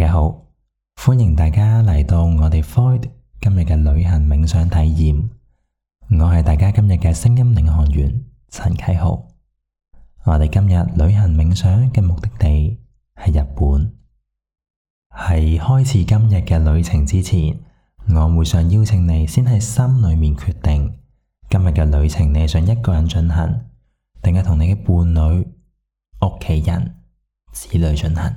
大家好，歡迎大家嚟到我哋 Void 今日嘅旅行冥想體驗。我係大家今日嘅聲音領航員陳棨豪。我哋今日旅行冥想嘅目的地係日本。喺開始今日嘅旅程之前，我會想邀請你先喺心裏面決定今日嘅旅程，你想一個人進行，定係同你嘅伴侶、屋企人、子女進行？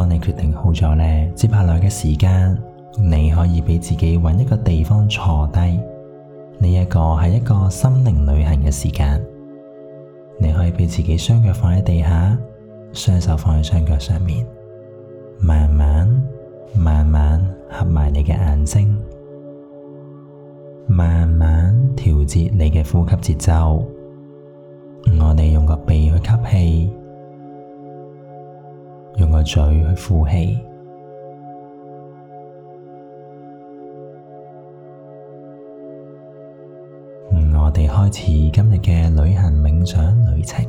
當你決定好咗咧，接下來嘅時間，你可以俾自己搵一個地方坐低，呢一個係一個心靈旅行嘅時間。你可以俾自己雙腳放喺地下，雙手放喺雙腳上面，慢慢慢慢合埋你嘅眼睛，慢慢調節你嘅呼吸節奏。我哋用個鼻去吸氣。用個嘴去呼氣，嗯、我哋開始今日嘅旅行冥想旅程。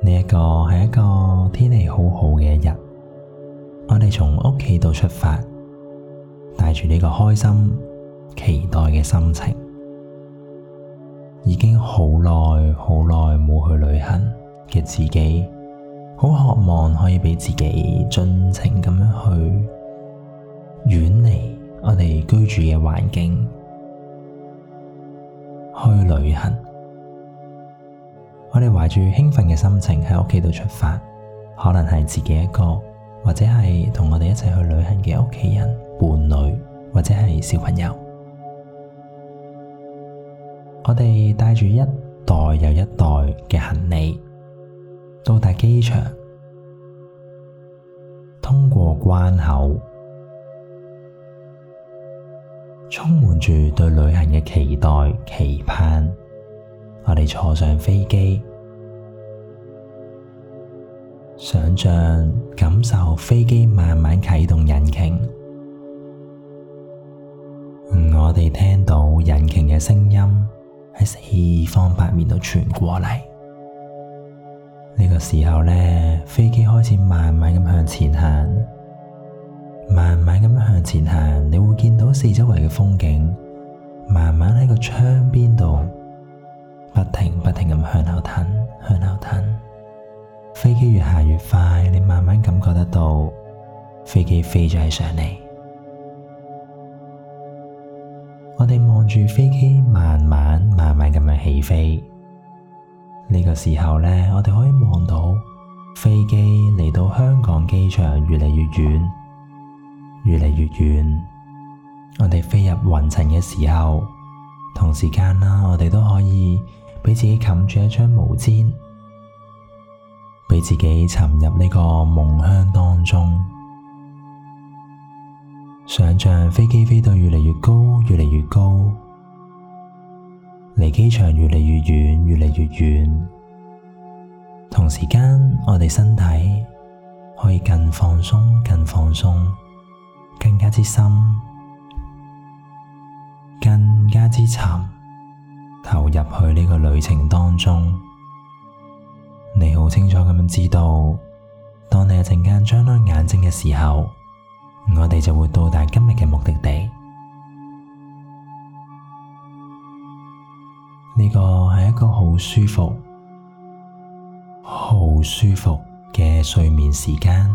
呢、這、一個係一個天氣好好嘅一日，我哋從屋企度出發，帶住呢個開心、期待嘅心情，已經好耐好耐冇去旅行。嘅自己好渴望可以畀自己盡情咁樣去遠離我哋居住嘅環境去旅行。我哋懷住興奮嘅心情喺屋企度出發，可能係自己一個，或者係同我哋一齊去旅行嘅屋企人、伴侶或者係小朋友。我哋帶住一袋又一袋嘅行李。到達機場，通過關口，充滿住對旅行嘅期待、期盼。我哋坐上飛機，想象感受飛機慢慢啟動引擎。我哋聽到引擎嘅聲音喺四方八面都傳過嚟。呢個時候呢，飛機開始慢慢咁向前行，慢慢咁向前行，你會見到四周圍嘅風景，慢慢喺個窗邊度，不停不停咁向後褪，向後褪。飛機越行越快，你慢慢感覺得到飛機飛咗起上嚟。我哋望住飛機慢慢，慢慢慢慢咁樣起飛。呢個時候咧，我哋可以望到飛機嚟到香港機場越嚟越遠，越嚟越遠。我哋飛入雲層嘅時候，同時間啦，我哋都可以畀自己冚住一張毛氈，畀自己沉入呢個夢鄉當中，想象飛機飛到越嚟越高，越嚟越高。離機場越嚟越遠，越嚟越遠。同時間，我哋身體可以更放鬆，更放鬆，更加之深，更加之沉，投入去呢個旅程當中。你好清楚咁樣知道，當你一陣間張開眼睛嘅時候，我哋就會到達今日嘅目的地。呢個係一個好舒服、好舒服嘅睡眠時間，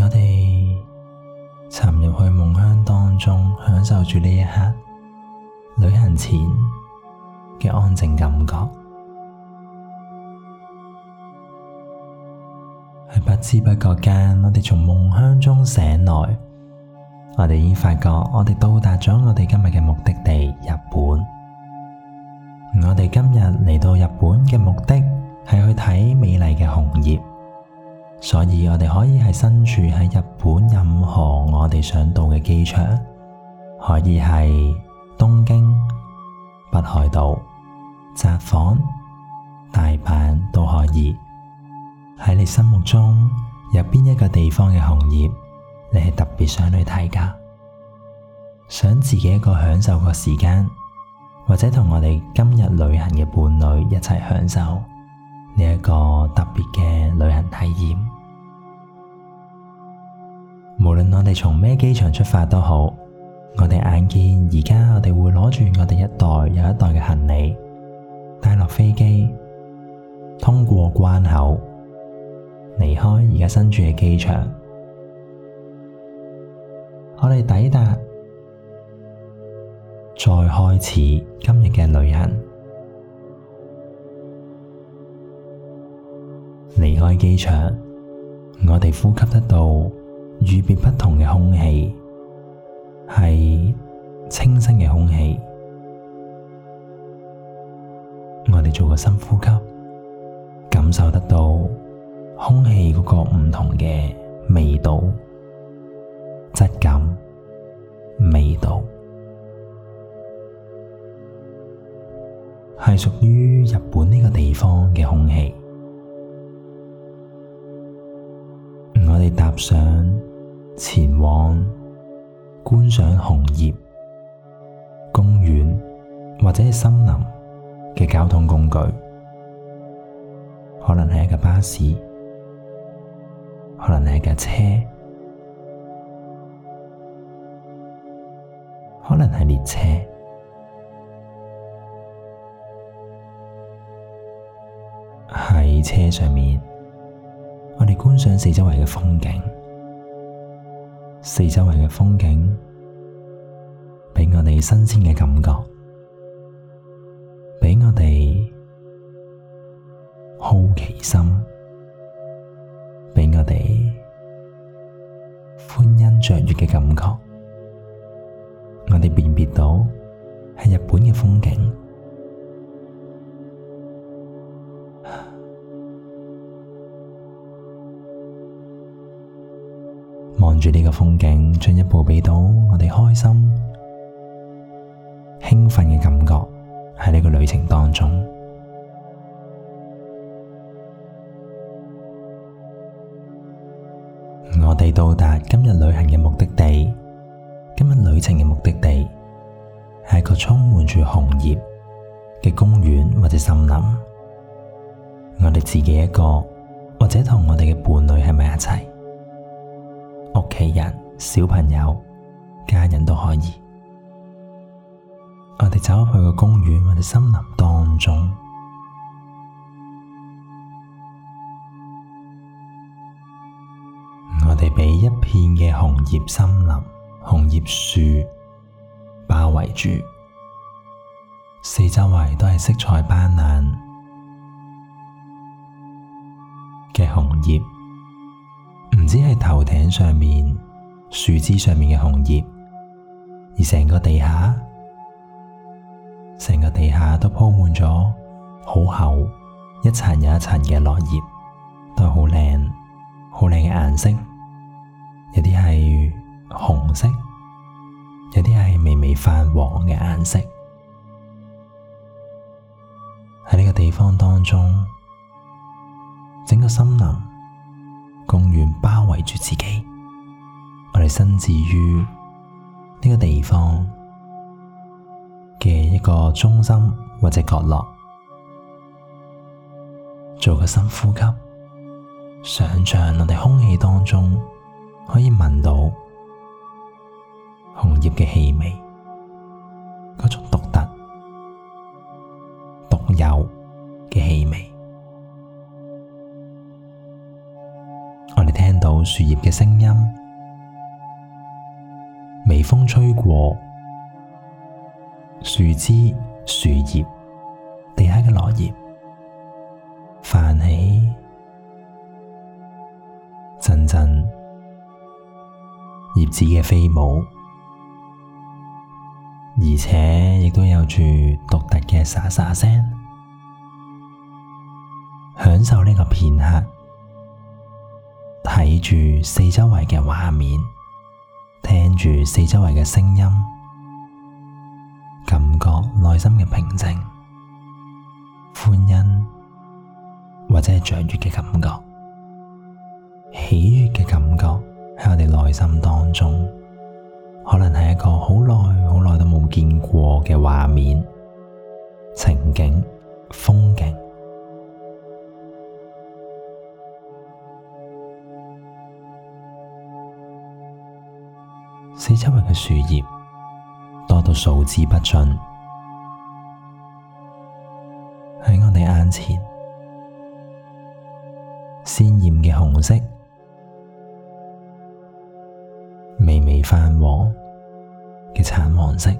我哋沉入去夢鄉當中，享受住呢一刻旅行前嘅安靜感覺，喺不知不覺間，我哋從夢鄉中醒來。我哋已發覺，我哋到達咗我哋今日嘅目的地日本。我哋今日嚟到日本嘅目的係去睇美麗嘅紅葉，所以我哋可以係身處喺日本任何我哋想到嘅機場，可以係東京、北海道、札幌、大阪都可以。喺你心目中有邊一個地方嘅紅葉？你係特別想去睇噶，想自己一個享受個時間，或者同我哋今日旅行嘅伴侶一齊享受呢一個特別嘅旅行體驗。無論我哋從咩機場出發都好，我哋眼見而家我哋會攞住我哋一代又一代嘅行李，帶落飛機，通過關口，離開而家身處嘅機場。我哋抵達，再開始今日嘅旅行。離開機場，我哋呼吸得到與別不同嘅空氣，係清新嘅空氣。我哋做個深呼吸，感受得到空氣嗰個唔同嘅味道。質感、味道，係屬於日本呢個地方嘅空氣。我哋搭上前往觀賞紅葉公園或者係森林嘅交通工具，可能係一架巴士，可能係一架車，係列車，喺車上面，我哋觀賞四周圍嘅風景，四周圍嘅風景畀我哋新鮮嘅感覺，畀我哋好奇心，畀我哋歡欣雀躍嘅感覺。我哋辨別到係日本嘅風景，望住呢個風景，進一步畀到我哋開心、興奮嘅感覺。喺呢個旅程當中，我哋到達今日旅行嘅目的地。今日旅程嘅目的地係一個充滿住紅葉嘅公園或者森林，我哋自己一個，或者同我哋嘅伴侶喺埋一齊，屋企人、小朋友、家人都可以。我哋走去個公園或者森林當中，我哋畀一片嘅紅葉森林，紅葉樹包圍住，四周圍都係色彩斑斕嘅紅葉，唔止係頭頂上面，樹枝上面嘅紅葉，而成個地下、成個地下都鋪滿咗好厚一層又一層嘅落葉，都好靚，好靚嘅顏色，有啲係。紅色，有啲係微微泛黃嘅顏色。喺呢個地方當中，整個森林公園包圍住自己，我哋身置於呢個地方嘅一個中心或者角落，做個深呼吸，想象我哋空氣當中可以聞到，紅葉嘅氣味，嗰種獨特、獨有嘅氣味。我哋聽到樹葉嘅聲音，微風吹過樹枝、樹葉、地下嘅落葉，泛起陣陣葉子嘅飛舞。而且亦都有住獨特嘅沙沙聲，享受呢個片刻，睇住四周圍嘅畫面，聽住四周圍嘅聲音，感覺內心嘅平靜、歡欣或者係雀躍嘅感覺、喜悅嘅感覺喺我哋內心當中。可能係一個好耐好耐都冇見過嘅畫面、情景、風景，四周圍嘅樹葉多到數之不盡，喺我哋眼前，鮮艷嘅紅色。泛黃嘅橙黃色，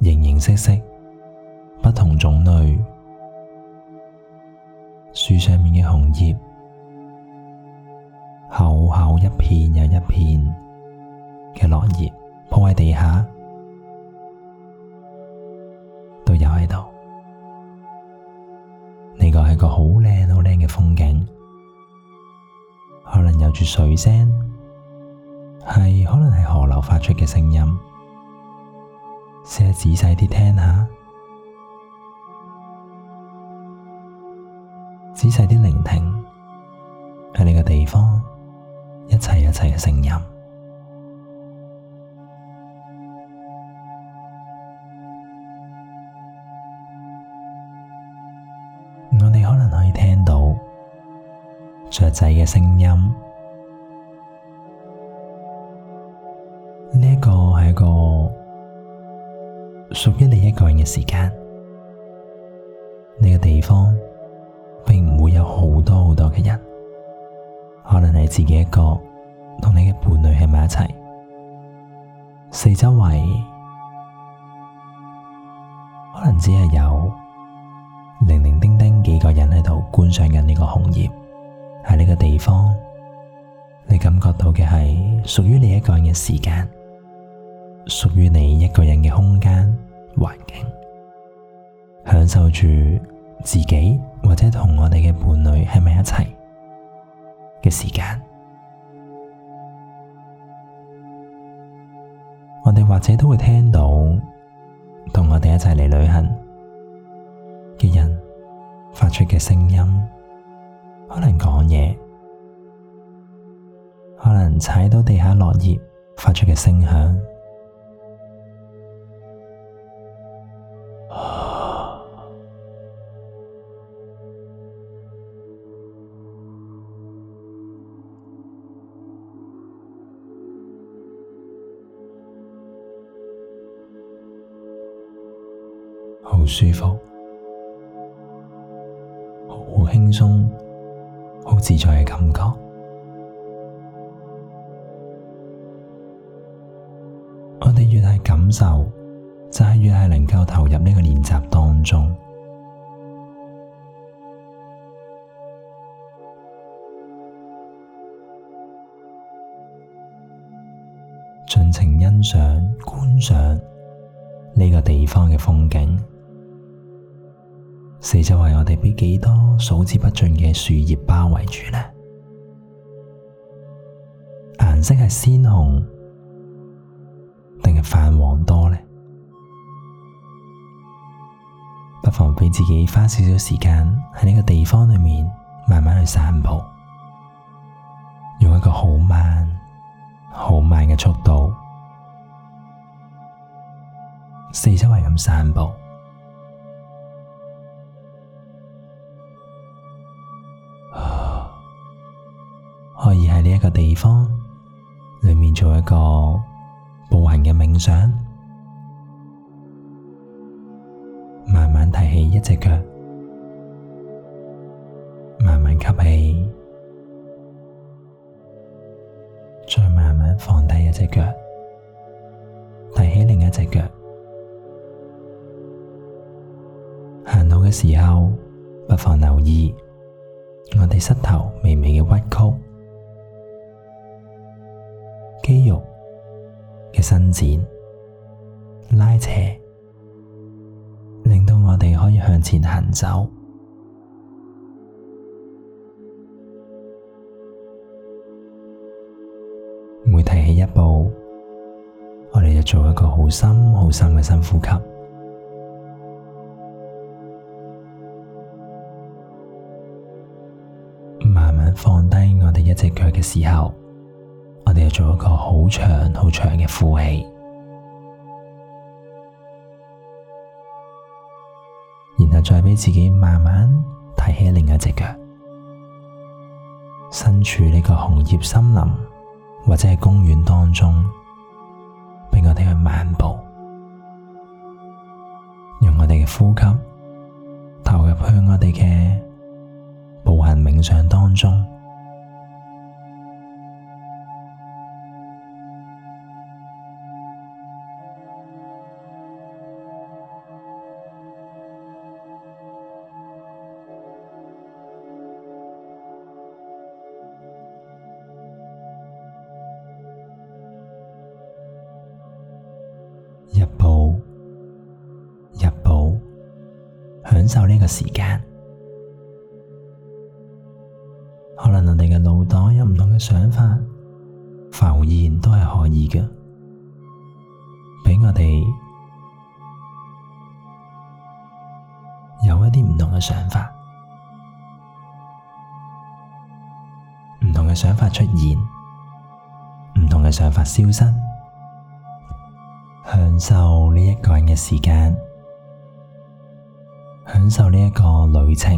形形色色不同種類樹上面嘅紅葉，厚厚一片又一片嘅落葉，鋪喺地下都有喺度。呢個係個好靚好靚嘅風景，可能有住水聲。係可能係河流發出嘅聲音，試下仔細啲聽下，仔細啲聆聽喺你嘅地方一切一切嘅聲音，我哋可能可以聽到雀仔嘅聲音。一個屬於你一個人嘅時間，你嘅地方並唔會有好多好多嘅人，可能係自己一個同你嘅伴侶喺埋一齊，四周圍可能只係有零零丁丁幾個人喺度觀賞緊呢個紅葉。喺呢個地方，你感覺到嘅係屬於你一個人嘅時間。屬於你一個人嘅空間環境，享受住自己或者同我哋嘅伴侶喺埋一齊嘅時間。我哋或者都會聽到同我哋一齊嚟旅行嘅人發出嘅聲音，可能講嘢，可能踩到地下落葉發出嘅聲響。好舒服，好輕鬆，好自在嘅感覺。我哋越係感受，就係、是、越係能夠投入呢個練習當中，盡情欣賞觀賞呢個地方嘅風景。四周圍我哋畀幾多數之不盡嘅樹葉包圍住呢？顏色係鮮紅定係泛黃多呢？不妨俾自己花少少時間喺呢個地方裏面慢慢去散步，用一個好慢、好慢嘅速度，四周圍咁散步。方裏面做一個步行嘅冥想，慢慢提起一隻腳，慢慢吸氣，再慢慢放低一隻腳，提起另一隻腳。行路嘅時候，不妨留意我哋膝頭微微嘅屈曲。肌肉嘅伸展、拉扯，令到我哋可以向前行走。每提起一步，我哋就做一個好深、好深嘅深呼吸。慢慢放低我哋一隻腳嘅時候。做一個好長、好長嘅呼氣，然後再俾自己慢慢提起另一隻腳。身處呢個紅葉森林或者係公園當中，俾我哋去漫步，用我哋嘅呼吸投入去我哋嘅步行冥想當中。入寶，入寶，享受呢個時間。可能我哋嘅腦袋有唔同嘅想法浮現，都係可以嘅。俾我哋有一啲唔同嘅想法，唔同嘅想法出現，唔同嘅想法消失。享受呢一個人嘅時間，享受呢一個旅程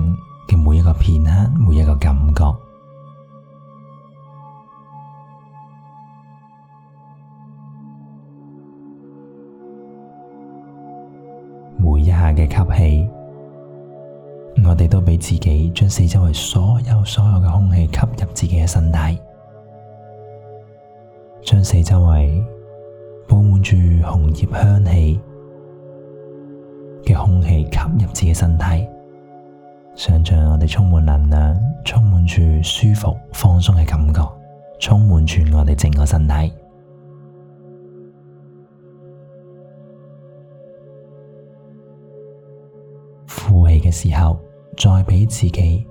嘅每一個片刻，每一個感覺，每一下嘅吸氣，我哋都俾自己將四周圍所有所有嘅空氣吸入自己嘅身體，將四周圍。佈滿住紅葉香氣嘅空氣吸入自己身體，想象我哋充滿能量，充滿住舒服放鬆嘅感覺，充滿住我哋整個身體。呼氣嘅時候，再俾自己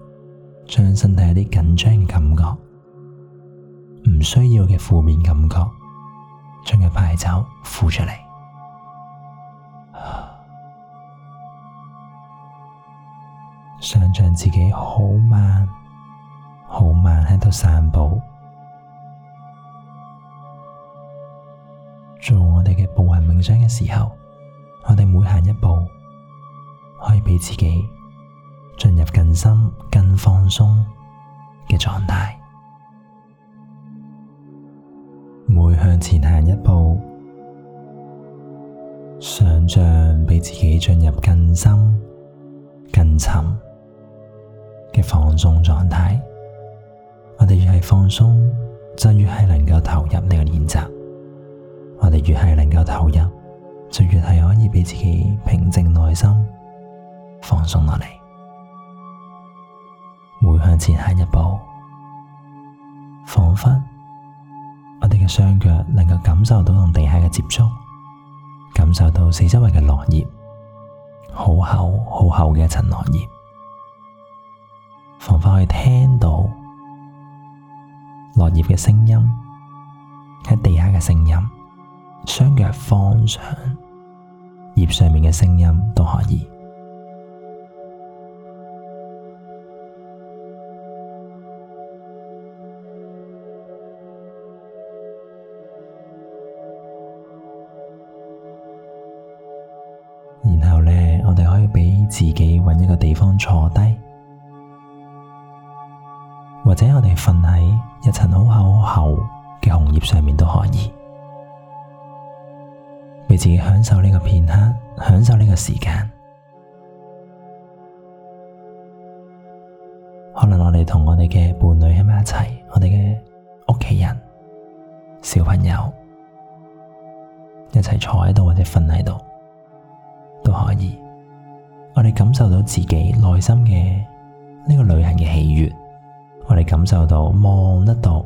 將身體有啲緊張嘅感覺，唔需要嘅負面感覺。將個排走呼出嚟，想象自己好慢、好慢喺度散步。做我哋嘅步行冥想嘅時候，我哋每行一步，可以俾自己進入更深、更放鬆嘅狀態。前行一步，想象比自己進入更深、更沉嘅放鬆狀態。我哋越係放鬆，就越係能夠投入呢個練習。我哋越係能夠投入，就越係可以俾自己平靜內心、放鬆落嚟。每向前行一步，仿佛……我哋嘅雙腳能夠感受到同地下嘅接觸，感受到四周圍嘅落葉，好厚好厚嘅一層落葉，彷彿可以聽到落葉嘅聲音，喺地下嘅聲音，雙腳放上葉上面嘅聲音都可以。自己搵一個地方坐低，或者我哋瞓喺一層好厚好厚嘅紅葉上面都可以，俾自己享受呢個片刻，享受呢個時間。可能我哋同我哋嘅伴侶喺埋一齊，我哋嘅屋企人、小朋友一齊坐喺度或者瞓喺度都可以。我哋感受到自己內心嘅呢個旅行嘅喜悅，我哋感受到望得到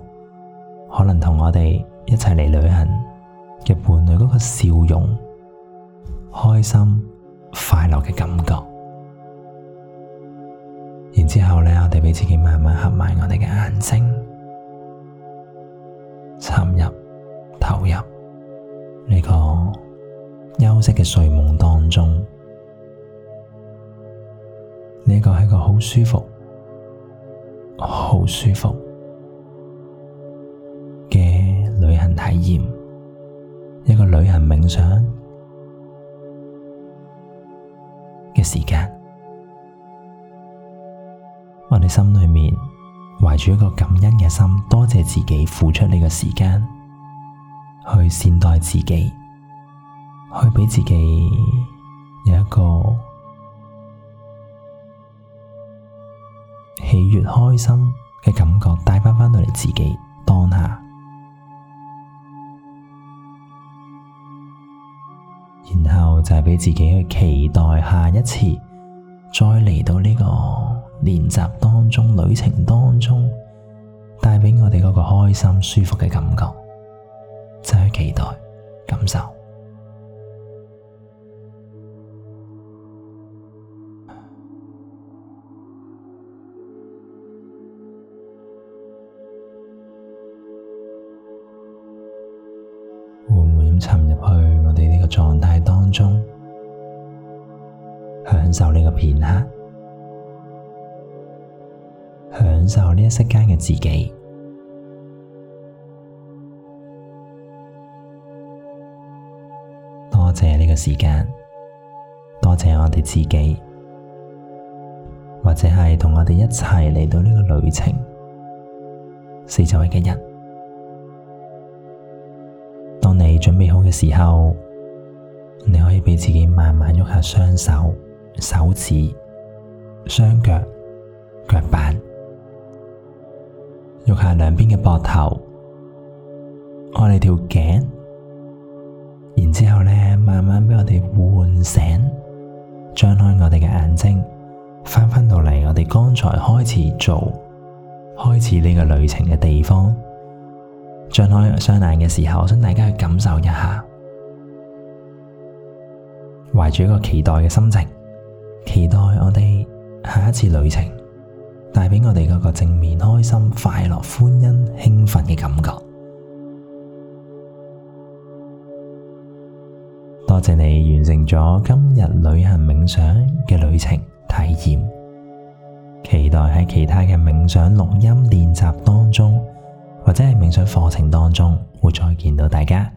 可能同我哋一齊嚟旅行嘅伴侶嗰個笑容、開心、快樂嘅感覺。然之後咧，我哋畀自己慢慢合埋我哋嘅眼睛，深入投入呢個休息嘅睡夢當中。呢個係一個好舒服、好舒服嘅旅行體驗，一個旅行冥想嘅時間。我哋心裏面懷住一個感恩嘅心，多謝自己付出呢個時間，去善待自己，去俾自己有一個。喜悅開心嘅感覺帶翻返到嚟自己當下，然後就係畀自己去期待下一次，再嚟到呢個練習當中、旅程當中，帶畀我哋嗰個開心舒服嘅感覺，就係期待感受。就呢一息間嘅自己，多謝呢個時間，多謝我哋自己，或者係同我哋一齊嚟到呢個旅程四周圍嘅人，人。當你準備好嘅時候，你可以俾自己慢慢喐下雙手、手指、雙腳、腳板。肉下兩邊嘅膊頭，我哋條頸，然之後咧慢慢俾我哋喚醒，張開我哋嘅眼睛，翻返到嚟我哋剛才開始做，開始呢個旅程嘅地方。張開雙眼嘅時候，我想大家去感受一下，懷住一個期待嘅心情，期待我哋下一次旅程。帶畀我哋嗰個正面、開心、快樂、歡欣、興奮嘅感覺。多謝你完成咗今日旅行冥想嘅旅程體驗，期待喺其他嘅冥想錄音練習當中，或者係冥想課程當中，會再見到大家。